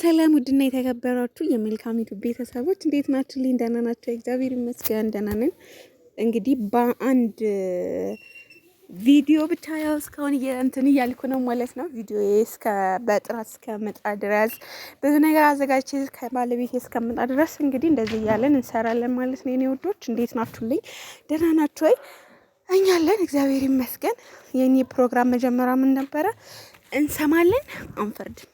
ሰላም ሰላም፣ ውድና የተከበራችሁ የመልካም ዩቱብ ቤተሰቦች እንዴት ናችሁ? ልኝ ደህና ናቸው። እግዚአብሔር ይመስገን ደህና ነን። እንግዲህ በአንድ ቪዲዮ ብቻ ያው እስካሁን እንትን እያልኩ ነው ማለት ነው። ቪዲዮ እስከ በጥራት እስከመጣ ድረስ ብዙ ነገር አዘጋጅቼ ከባለቤቴ እስከመጣ ድረስ እንግዲህ እንደዚህ እያለን እንሰራለን ማለት ነው። የኔ ውዶች እንዴት ናችሁልኝ? ደህና ናችሁ ወይ? እኛለን እግዚአብሔር ይመስገን። የኔ ፕሮግራም መጀመሪያ ምን ነበረ? እንሰማለን አንፈርድም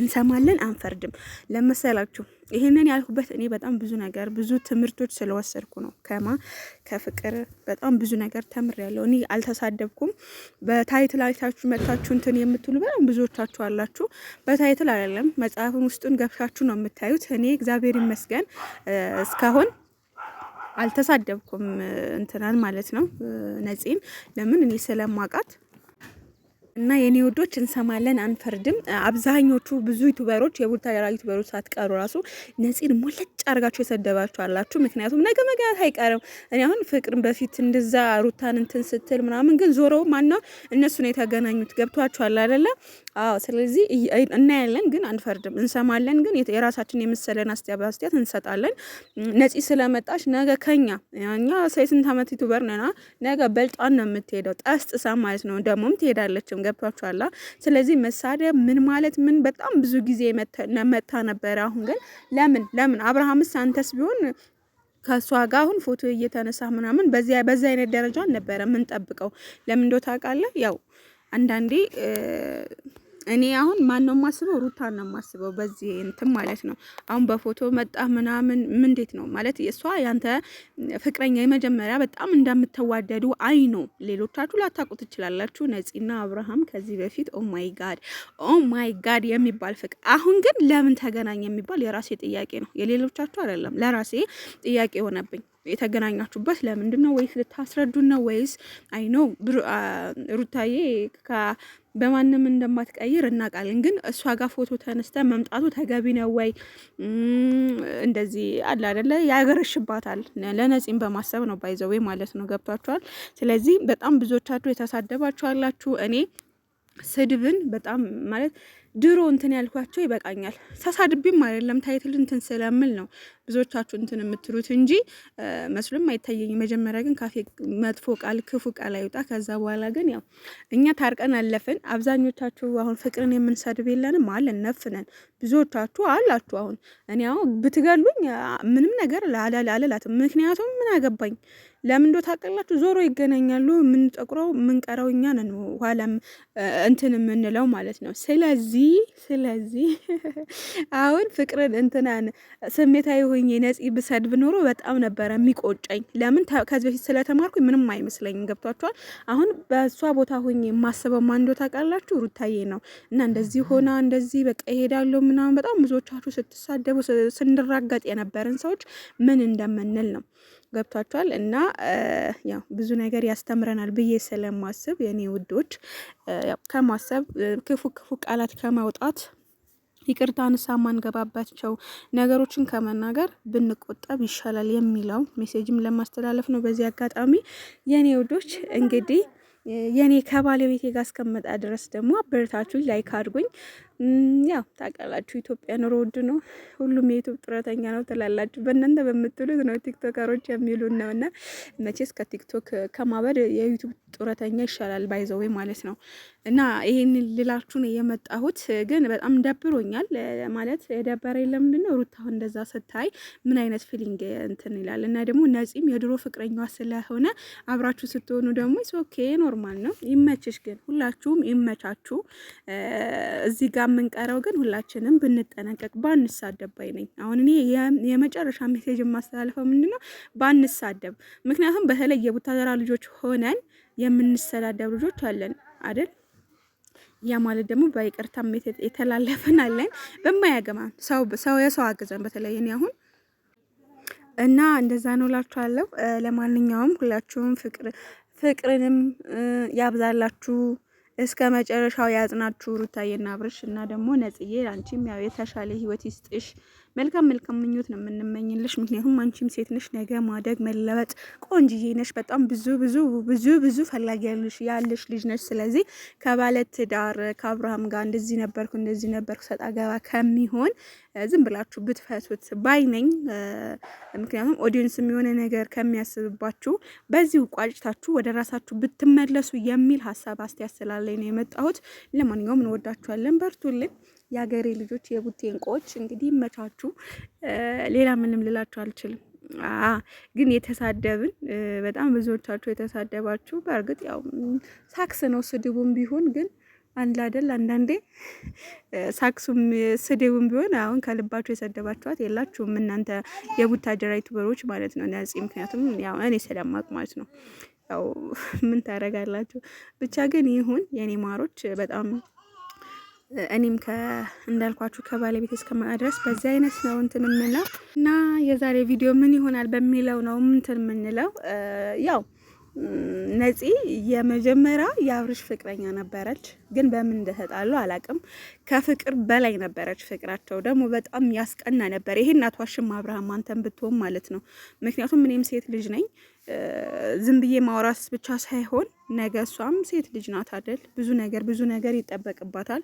እንሰማለን፣ አንፈርድም። ለመሰላችሁ ይህንን ያልኩበት እኔ በጣም ብዙ ነገር ብዙ ትምህርቶች ስለወሰድኩ ነው። ከማ ከፍቅር በጣም ብዙ ነገር ተምሬያለሁ። እኔ አልተሳደብኩም። በታይትል አይታችሁ መታችሁ እንትን የምትሉ በጣም ብዙዎቻችሁ አላችሁ። በታይትል አይደለም መጽሐፍን ውስጡን ገብታችሁ ነው የምታዩት። እኔ እግዚአብሔር ይመስገን እስካሁን አልተሳደብኩም። እንትናል ማለት ነው ነፂን ለምን እኔ ስለማውቃት እና የኔ ወዶች እንሰማለን አንፈርድም። አብዛኞቹ ብዙ ዩቱበሮች የቡታጀራ ዩቱበሮች ሳትቀሩ ራሱ ነፂን ሞለጭ አርጋችሁ የሰደባችሁ አላችሁ። ምክንያቱም ነገ መጋት አይቀርም። እኔ አሁን ፍቅርን በፊት እንደዛ ሩታን እንትን ስትል ምናምን፣ ግን ዞረው ማና እነሱ ነው የተገናኙት። ገብቷችኋል አይደለም? አዎ ስለዚህ እናያለን ግን አንፈርድም፣ እንሰማለን ግን የራሳችን የመሰለን አስተያየት እንሰጣለን። ነፂ ስለመጣች ነገ ከኛ እኛ ስንት ዓመት ዩቱበር ነና ነገ በልጣን ነው የምትሄደው፣ ጠስጥሳ ማለት ነው። ደግሞም ትሄዳለችም። ገብቷችኋላ? ስለዚህ መሳደብ ምን ማለት ምን በጣም ብዙ ጊዜ መታ ነበረ። አሁን ግን ለምን ለምን አብርሃምስ አንተስ ቢሆን ከእሷ ጋር አሁን ፎቶ እየተነሳ ምናምን በዚያ በዛ አይነት ደረጃ ነበረ ጠብቀው ለምን እንደው ታውቃለህ፣ ያው አንዳንዴ እኔ አሁን ማን ነው የማስበው? ሩታን ነው የማስበው። በዚህ እንትን ማለት ነው። አሁን በፎቶ መጣ ምናምን ምን እንዴት ነው ማለት እሷ ያንተ ፍቅረኛ የመጀመሪያ በጣም እንደምትዋደዱ አይ ነው። ሌሎቻችሁ ላታውቁ ትችላላችሁ። ነፂና አብርሃም ከዚህ በፊት ኦ ማይ ጋድ ኦ ማይ ጋድ የሚባል ፍቅር፣ አሁን ግን ለምን ተገናኝ የሚባል የራሴ ጥያቄ ነው። የሌሎቻችሁ አይደለም፣ ለራሴ ጥያቄ ሆነብኝ። የተገናኛችሁበት ለምንድን ነው? ወይስ ልታስረዱን ነው? ወይስ አይ ነው ሩታዬ በማንም እንደማትቀይር እናውቃለን፣ ግን እሷ ጋር ፎቶ ተነስተ መምጣቱ ተገቢ ነው ወይ? እንደዚህ አለ አደለ ያገረሽባታል። ለነፂም በማሰብ ነው ባይዘዌ ማለት ነው። ገብቷችኋል? ስለዚህ በጣም ብዙዎቻችሁ የተሳደባችኋላችሁ እኔ ስድብን በጣም ማለት ድሮ እንትን ያልኳቸው ይበቃኛል። ሳሳድብም አይደለም ታይትል እንትን ስለምል ነው ብዙዎቻችሁ እንትን የምትሉት እንጂ መስሉም አይታየኝ። መጀመሪያ ግን ካፌ መጥፎ ቃል፣ ክፉ ቃል አይውጣ። ከዛ በኋላ ግን ያው እኛ ታርቀን አለፍን። አብዛኞቻችሁ አሁን ፍቅርን የምንሰድብ የለንም አለን ነፍነን። ብዙዎቻችሁ አላችሁ። አሁን እኔ አሁን ብትገሉኝ ምንም ነገር ላላላለላት፣ ምክንያቱም ምን አገባኝ ለምን ዶ ታውቃላችሁ? ዞሮ ይገናኛሉ። የምንጠቁረው የምንቀረው እኛ ነን፣ ኋላም እንትን የምንለው ማለት ነው። ስለዚህ ስለዚህ አሁን ፍቅርን እንትናን ስሜታዊ ሆኜ ነፂ ብሰድብ ኖሮ በጣም ነበረ የሚቆጨኝ። ለምን ከዚህ በፊት ስለተማርኩ ምንም አይመስለኝም። ገብቷችኋል? አሁን በእሷ ቦታ ሆኜ የማስበው ማን ዶ ታውቃላችሁ? ሩታዬ ነው እና እንደዚህ ሆና እንደዚህ በቃ ይሄዳለሁ ምናምን በጣም ብዙዎቻችሁ ስትሳደቡ ስንራጋጥ የነበረን ሰዎች ምን እንደምንል ነው ገብቷቸዋል እና ያው ብዙ ነገር ያስተምረናል ብዬ ስለማስብ የኔ ውዶች ከማሰብ ክፉ ክፉ ቃላት ከማውጣት ይቅርታ ንሳ ማንገባባቸው ነገሮችን ከመናገር ብንቆጠብ ይሻላል የሚለው ሜሴጅም ለማስተላለፍ ነው። በዚህ አጋጣሚ የኔ ውዶች እንግዲህ የኔ ከባለቤቴ ጋር እስከመጣ ድረስ ደግሞ አበረታችሁ ላይክ አድርጉኝ። ያው ታውቃላችሁ ኢትዮጵያ ኑሮ ውድ ነው። ሁሉም የዩቱብ ጡረተኛ ነው ትላላችሁ። በእናንተ በምትሉት ነው ቲክቶከሮች የሚሉን ነው። እና መቼስ ከቲክቶክ ከማበድ የዩቱብ ጡረተኛ ይሻላል ባይዘወይ ማለት ነው። እና ይህን ልላችሁን የመጣሁት ግን በጣም ደብሮኛል። ማለት የደበረ ለምንድን ነው ሩታሁን እንደዛ ስታይ ምን አይነት ፊሊንግ እንትን ይላል። እና ደግሞ ነፂም የድሮ ፍቅረኛዋ ስለሆነ አብራችሁ ስትሆኑ ደግሞ ኦኬ ኖርማል ነው። ይመችሽ፣ ግን ሁላችሁም ይመቻችሁ እዚህ ጋር የምንቀረው ግን ሁላችንም ብንጠነቀቅ ባንሳደብ ባይ ነኝ። አሁን እኔ የመጨረሻ ሜሴጅ የማስተላለፈው ምንድን ነው? ባንሳደብ። ምክንያቱም በተለይ የቡታዘራ ልጆች ሆነን የምንሰዳደብ ልጆች አለን አይደል? ያ ማለት ደግሞ በይቅርታ የተላለፈን አለን በማያገማ ሰው የሰው አግዘን በተለይ እኔ አሁን እና እንደዛ ነው እላችኋለሁ። ለማንኛውም ሁላችሁም ፍቅር ፍቅርንም ያብዛላችሁ። እስከ መጨረሻው ያጽናችሁ ሩታዬና አብርሽ እና ደግሞ ነጽዬ አንቺም ያው የተሻለ ህይወት ይስጥሽ መልካም መልካም ምኞት ነው የምንመኝልሽ። ምክንያቱም አንቺም ሴት ነሽ፣ ነገ ማደግ መለወጥ፣ ቆንጅዬ ነሽ። በጣም ብዙ ብዙ ብዙ ብዙ ፈላጊ ያለሽ ያለሽ ልጅ ነሽ። ስለዚህ ከባለ ትዳር ከአብርሃም ጋር እንደዚህ ነበርኩ እንደዚህ ነበርኩ ሰጣ ገባ ከሚሆን ዝም ብላችሁ ብትፈቱት ባይ ነኝ። ምክንያቱም ኦዲየንስ የሆነ ነገር ከሚያስብባችሁ በዚህ ቋጭታችሁ ወደ ራሳችሁ ብትመለሱ የሚል ሀሳብ አስተያየት ስላለኝ ነው የመጣሁት። ለማንኛውም እንወዳችኋለን፣ በርቱልን። የሀገሬ ልጆች የቡቴ እንቁዎች እንግዲህ ይመቻችሁ። ሌላ ምንም ልላችሁ አልችልም። ግን የተሳደብን በጣም ብዙዎቻችሁ የተሳደባችሁ፣ በእርግጥ ያው ሳክስ ነው ስድቡም ቢሆን ግን አንድ አይደል አንዳንዴ ሳክሱም ስድብም ቢሆን አሁን ከልባችሁ የሰደባችኋት የላችሁም እናንተ የቡታጀራ ዩቱበሮች ማለት ነው። ነጽ ምክንያቱም ያው እኔ ስለማቅ ማለት ነው። ያው ምን ታደርጋላችሁ። ብቻ ግን ይሁን የኔ ማሮች በጣም እኔም እንዳልኳችሁ ከባለቤት እስከማድረስ በዚህ አይነት ነው እንትን የምንለው እና የዛሬ ቪዲዮ ምን ይሆናል በሚለው ነው እንትን የምንለው። ያው ነፂ የመጀመሪያ የአብርሽ ፍቅረኛ ነበረች፣ ግን በምን እንደተጣሉ አላቅም። ከፍቅር በላይ ነበረች። ፍቅራቸው ደግሞ በጣም ያስቀና ነበር። ይሄ እናቷሽም አብርሃም፣ አንተን ብትሆን ማለት ነው። ምክንያቱም እኔም ሴት ልጅ ነኝ ዝም ብዬ ማውራት ብቻ ሳይሆን ነገ እሷም ሴት ልጅ ናት አደል፣ ብዙ ነገር ብዙ ነገር ይጠበቅባታል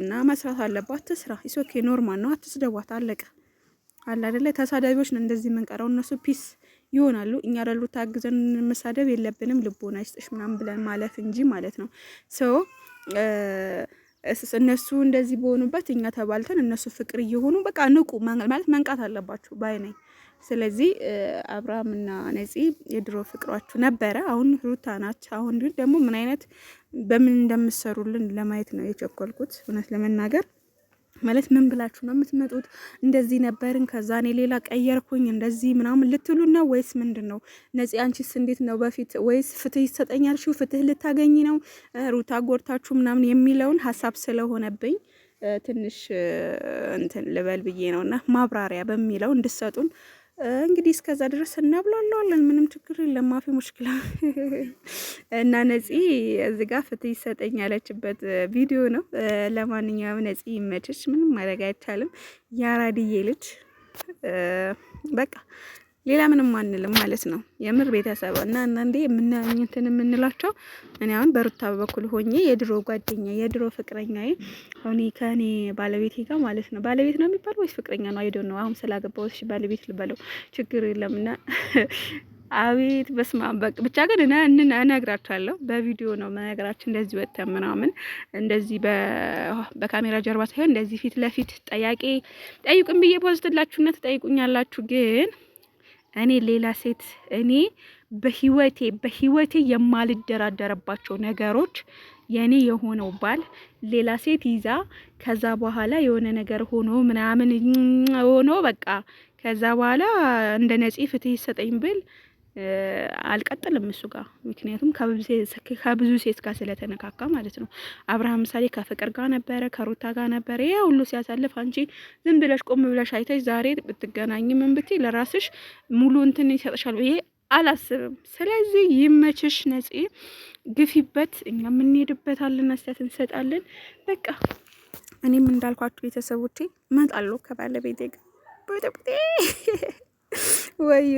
እና መስራት አለባት። ትስራ። ኢሶኬ ኖርማል ነው። አትስደቧት። አለቀ። አለ አይደለ? ተሳዳቢዎች ነው እንደዚህ የምንቀረው። እነሱ ፒስ ይሆናሉ። እኛ ደሉ ታግዘን መሳደብ የለብንም። ልቦና ይስጥሽ ምናምን ብለን ማለፍ እንጂ ማለት ነው ሰው እነሱ እንደዚህ በሆኑበት እኛ ተባልተን እነሱ ፍቅር እየሆኑ በቃ ንቁ ማለት መንቃት አለባችሁ ባይ ነኝ። ስለዚህ አብርሃምና ነፂ የድሮ ፍቅሯችሁ ነበረ። አሁን ሩታ ናች። አሁን ግን ደግሞ ምን አይነት በምን እንደምሰሩልን ለማየት ነው የቸኮልኩት እውነት ለመናገር ማለት ምን ብላችሁ ነው የምትመጡት? እንደዚህ ነበርን፣ ከዛ እኔ ሌላ ቀየርኩኝ፣ እንደዚህ ምናምን ልትሉ ነው ወይስ ምንድን ነው? ነፂ አንቺስ እንዴት ነው በፊት? ወይስ ፍትህ ይሰጠኛል ሽው ፍትህ ልታገኝ ነው ሩታ ጎርታችሁ ምናምን የሚለውን ሀሳብ ስለሆነብኝ ትንሽ እንትን ልበል ብዬ ነው እና ማብራሪያ በሚለው እንድሰጡን እንግዲህ እስከዛ ድረስ እናብላለዋለን። ምንም ችግር የለም። ማፊ ሙሽክላ እና ነፂ እዚ ጋ ፍትህ ይሰጠኝ ያለችበት ቪዲዮ ነው። ለማንኛውም ነፂ ይመችሽ። ምንም ማድረግ አይቻልም። ያራድዬ ልጅ በቃ ሌላ ምንም አንልም ማለት ነው። የምር ቤተሰብ እና አንዳንዴ እንትን የምንላቸው እኔ አሁን በሩታ በኩል ሆኜ የድሮ ጓደኛ የድሮ ፍቅረኛ አሁን ከእኔ ባለቤቴ ጋር ማለት ነው። ባለቤት ነው የሚባለው ወይስ ፍቅረኛ ነው? አይዶ ነው አሁን ስላገባሁት ባለቤት ልበለው ችግር የለምና አቤት በስማ በቅ ብቻ ግን እና እነግራችኋለሁ። በቪዲዮ ነው መነግራችን እንደዚህ ወጥተ ምናምን እንደዚህ በካሜራ ጀርባ ሳይሆን እንደዚህ ፊት ለፊት ጠያቄ ጠይቁኝ ብዬ ፖስትላችሁና ትጠይቁኛላችሁ ግን እኔ ሌላ ሴት እኔ በህይወቴ በህይወቴ የማልደራደረባቸው ነገሮች የኔ የሆነው ባል ሌላ ሴት ይዛ ከዛ በኋላ የሆነ ነገር ሆኖ ምናምን ሆኖ በቃ ከዛ በኋላ እንደ ነፂ ፍትህ ይሰጠኝ ብል አልቀጥልም እሱ ጋር ምክንያቱም ከብዙ ሴት ጋር ስለተነካካ ማለት ነው። አብርሃም ምሳሌ ከፍቅር ጋር ነበረ፣ ከሩታ ጋር ነበረ። ይሄ ሁሉ ሲያሳልፍ አንቺ ዝም ብለሽ ቆም ብለሽ አይተሽ ዛሬ ብትገናኝ ምን ብትይ ለራስሽ ሙሉ እንትን ይሰጥሻል ብዬ አላስብም። ስለዚህ ይመችሽ ነፂ፣ ግፊበት። እኛ አለን፣ አስተያየት እንሰጣለን። በቃ እኔም እንዳልኳችሁ ቤተሰቦቼ እመጣለሁ ከባለቤቴ ጋር ወዮ